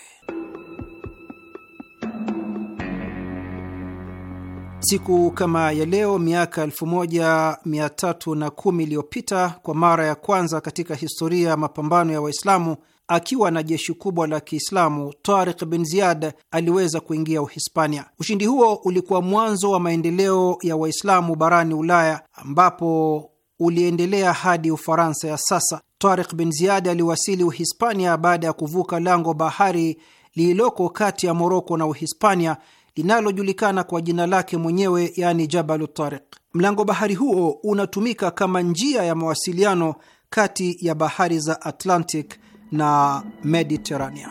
Siku kama ya leo miaka 1310 iliyopita, kwa mara ya kwanza katika historia ya mapambano ya Waislamu, akiwa na jeshi kubwa la Kiislamu, Tariq bin Ziyad aliweza kuingia Uhispania. Ushindi huo ulikuwa mwanzo wa maendeleo ya Waislamu barani Ulaya, ambapo uliendelea hadi Ufaransa ya sasa. Tariq bin Ziyad aliwasili Uhispania baada ya kuvuka lango bahari lililoko kati ya Moroko na Uhispania linalojulikana kwa jina lake mwenyewe, yaani Jabalu Tariq. Mlango bahari huo unatumika kama njia ya mawasiliano kati ya bahari za Atlantic na Mediterania.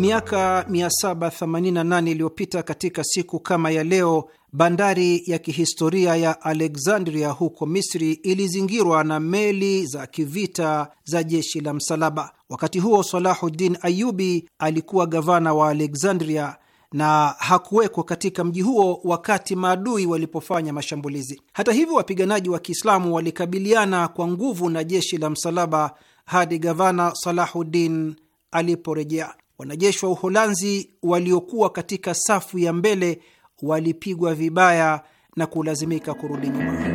Miaka 788 iliyopita katika siku kama ya leo, bandari ya kihistoria ya Alexandria huko Misri ilizingirwa na meli za kivita za jeshi la msalaba. Wakati huo, Salahuddin Ayubi alikuwa gavana wa Alexandria na hakuwekwa katika mji huo wakati maadui walipofanya mashambulizi. Hata hivyo, wapiganaji wa Kiislamu walikabiliana kwa nguvu na jeshi la msalaba hadi gavana Salahuddin aliporejea. Wanajeshi wa Uholanzi waliokuwa katika safu ya mbele walipigwa vibaya na kulazimika kurudi nyuma.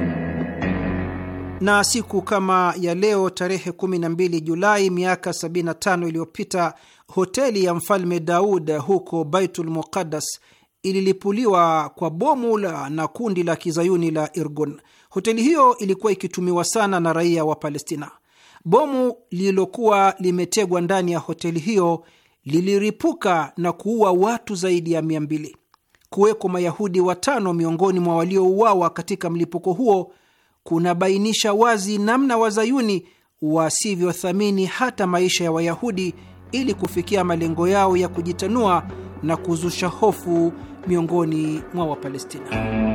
Na siku kama ya leo tarehe 12 Julai miaka 75 iliyopita hoteli ya mfalme Daud huko Baitul Muqaddas ililipuliwa kwa bomu na kundi la kizayuni la Irgun. Hoteli hiyo ilikuwa ikitumiwa sana na raia wa Palestina. Bomu lililokuwa limetegwa ndani ya hoteli hiyo liliripuka na kuua watu zaidi ya mia mbili. Kuweko Mayahudi watano miongoni mwa waliouawa katika mlipuko huo kunabainisha wazi namna Wazayuni wasivyothamini hata maisha ya Wayahudi ili kufikia malengo yao ya kujitanua na kuzusha hofu miongoni mwa Wapalestina.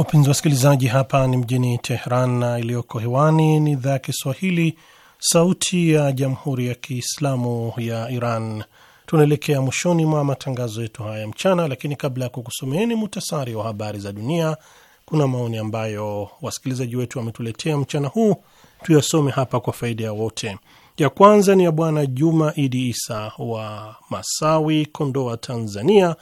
Wapenzi wasikilizaji, hapa ni mjini Teheran na iliyoko hewani ni idhaa ya Kiswahili, Sauti ya Jamhuri ya Kiislamu ya Iran. Tunaelekea mwishoni mwa matangazo yetu haya mchana, lakini kabla ya kukusomeeni muhtasari wa habari za dunia, kuna maoni ambayo wasikilizaji wetu wametuletea mchana huu, tuyasome hapa kwa faida ya wote. Ya kwanza ni ya Bwana Juma Idi Isa wa Masawi, Kondoa, Tanzania.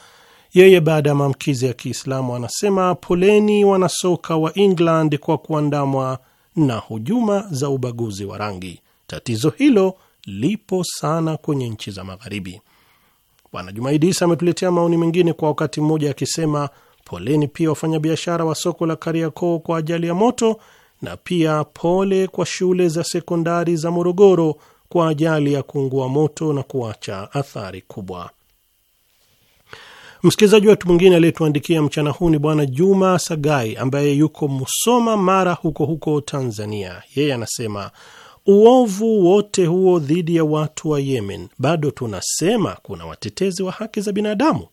Yeye baada ya maamkizi ya Kiislamu anasema poleni wanasoka wa England kwa kuandamwa na hujuma za ubaguzi wa rangi. Tatizo hilo lipo sana kwenye nchi za Magharibi. Bwana Jumaidi Isa ametuletea maoni mengine kwa wakati mmoja, akisema poleni pia wafanyabiashara wa soko la Kariakoo kwa ajali ya moto, na pia pole kwa shule za sekondari za Morogoro kwa ajali ya kuungua moto na kuacha athari kubwa. Msikilizaji wetu mwingine aliyetuandikia mchana huu ni Bwana Juma Sagai ambaye yuko Musoma, Mara, huko huko Tanzania. Yeye anasema uovu wote huo dhidi ya watu wa Yemen bado tunasema kuna watetezi wa haki za binadamu.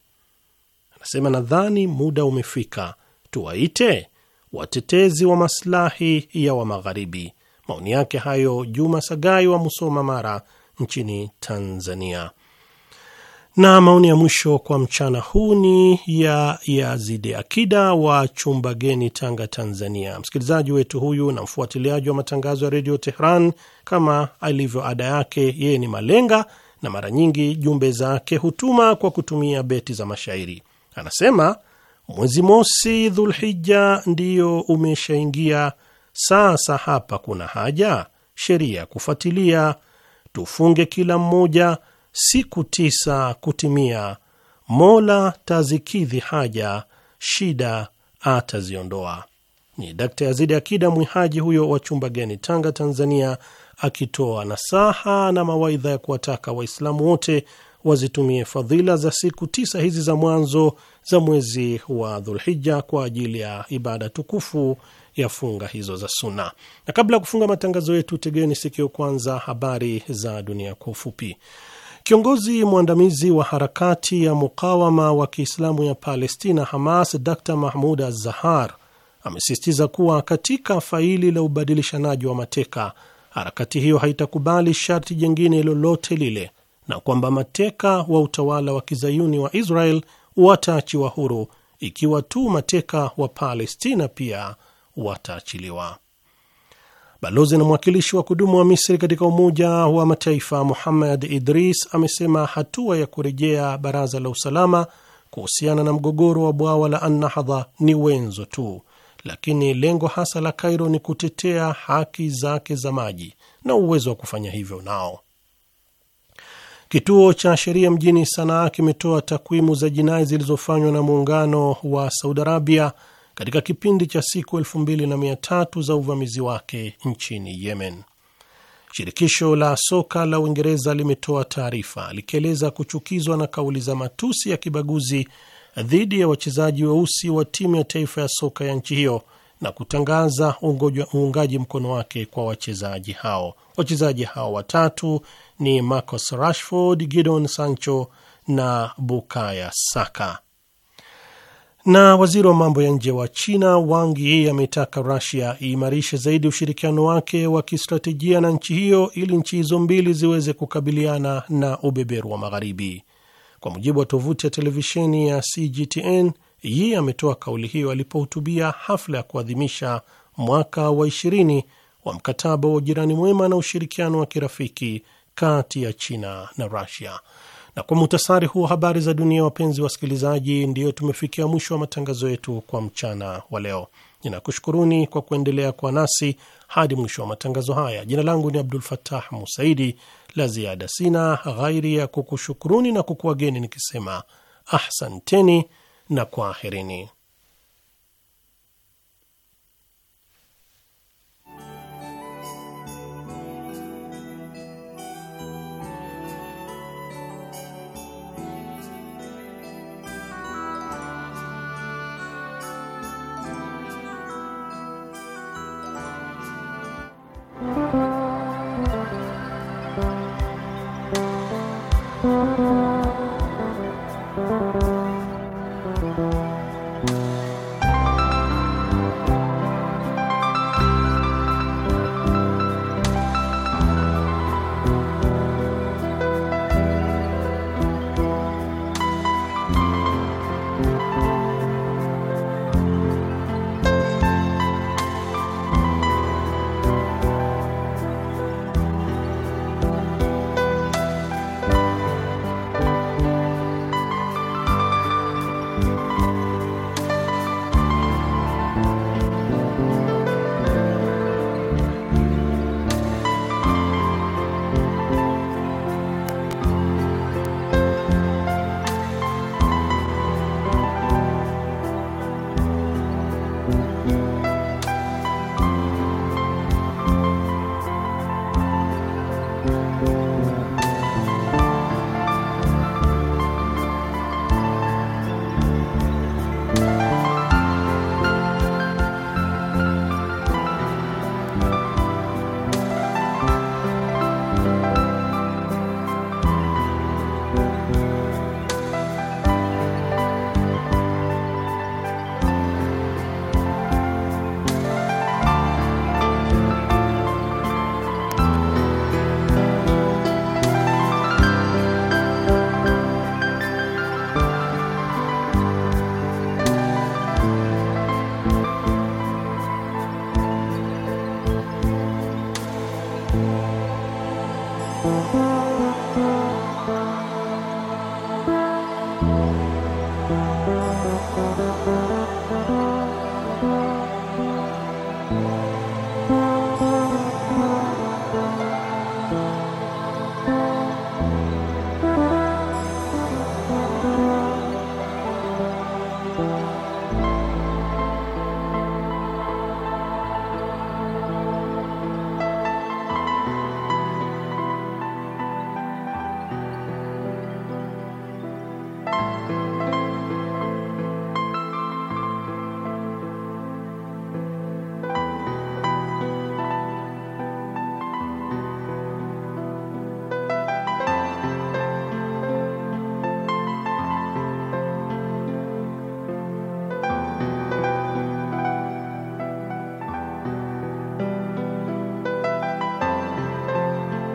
Anasema nadhani muda umefika tuwaite watetezi wa maslahi ya wa Magharibi. Maoni yake hayo Juma Sagai wa Musoma, Mara, nchini Tanzania. Na maoni ya mwisho kwa mchana huu ni ya Yazidi Akida wa chumba geni, Tanga, Tanzania. Msikilizaji wetu huyu na mfuatiliaji wa matangazo ya redio Tehran, kama alivyo ada yake, yeye ni malenga na mara nyingi jumbe zake hutuma kwa kutumia beti za mashairi. Anasema mwezi mosi Dhulhija ndiyo umeshaingia sasa, hapa kuna haja sheria kufuatilia, tufunge kila mmoja siku tisa kutimia, Mola tazikidhi haja, shida ataziondoa. Ni Dakta Yazidi Akida Mwihaji huyo wa chumba geni, Tanga, Tanzania, akitoa nasaha na mawaidha ya kuwataka Waislamu wote wazitumie fadhila za siku tisa hizi za mwanzo za mwezi wa Dhulhija kwa ajili ya ibada tukufu ya funga hizo za suna Na kabla ya kufunga matangazo yetu, tegeni sikio kwanza habari za dunia kwa ufupi. Kiongozi mwandamizi wa harakati ya mukawama wa Kiislamu ya Palestina, Hamas, Dr Mahmud Azahar amesisitiza kuwa katika faili la ubadilishanaji wa mateka, harakati hiyo haitakubali sharti jingine lolote lile, na kwamba mateka wa utawala wa kizayuni wa Israel wataachiwa huru ikiwa tu mateka wa Palestina pia wataachiliwa. Balozi na mwakilishi wa kudumu wa Misri katika Umoja wa Mataifa Muhammad Idris amesema hatua ya kurejea Baraza la Usalama kuhusiana na mgogoro wa bwawa la anahadha ni wenzo tu, lakini lengo hasa la Kairo ni kutetea haki zake za maji na uwezo wa kufanya hivyo nao. Kituo cha sheria mjini Sanaa kimetoa takwimu za jinai zilizofanywa na muungano wa Saudi Arabia katika kipindi cha siku 2300 za uvamizi wake nchini Yemen. Shirikisho la soka la Uingereza limetoa taarifa likieleza kuchukizwa na kauli za matusi ya kibaguzi dhidi ya wachezaji weusi wa timu ya taifa ya soka ya nchi hiyo na kutangaza uungaji mkono wake kwa wachezaji hao. Wachezaji hao watatu ni Marcus Rashford, gidon Sancho na bukaya Saka. Na waziri wa mambo ya nje wa China Wang Yi ametaka Russia iimarishe zaidi ushirikiano wake wa kistratejia na nchi hiyo ili nchi hizo mbili ziweze kukabiliana na ubeberu wa Magharibi. Kwa mujibu wa tovuti ya televisheni ya CGTN, Yi ametoa kauli hiyo alipohutubia hafla ya kuadhimisha mwaka wa 20 wa mkataba wa ujirani mwema na ushirikiano wa kirafiki kati ya China na rusia na kwa muhtasari huu habari za dunia, wapenzi wasikilizaji, ndiyo tumefikia mwisho wa matangazo yetu kwa mchana wa leo. Ninakushukuruni kwa kuendelea kwa nasi hadi mwisho wa matangazo haya. Jina langu ni Abdul fatah Musaidi. La ziada sina ghairi ya kukushukuruni na kukuwageni nikisema ahsanteni na kwaherini.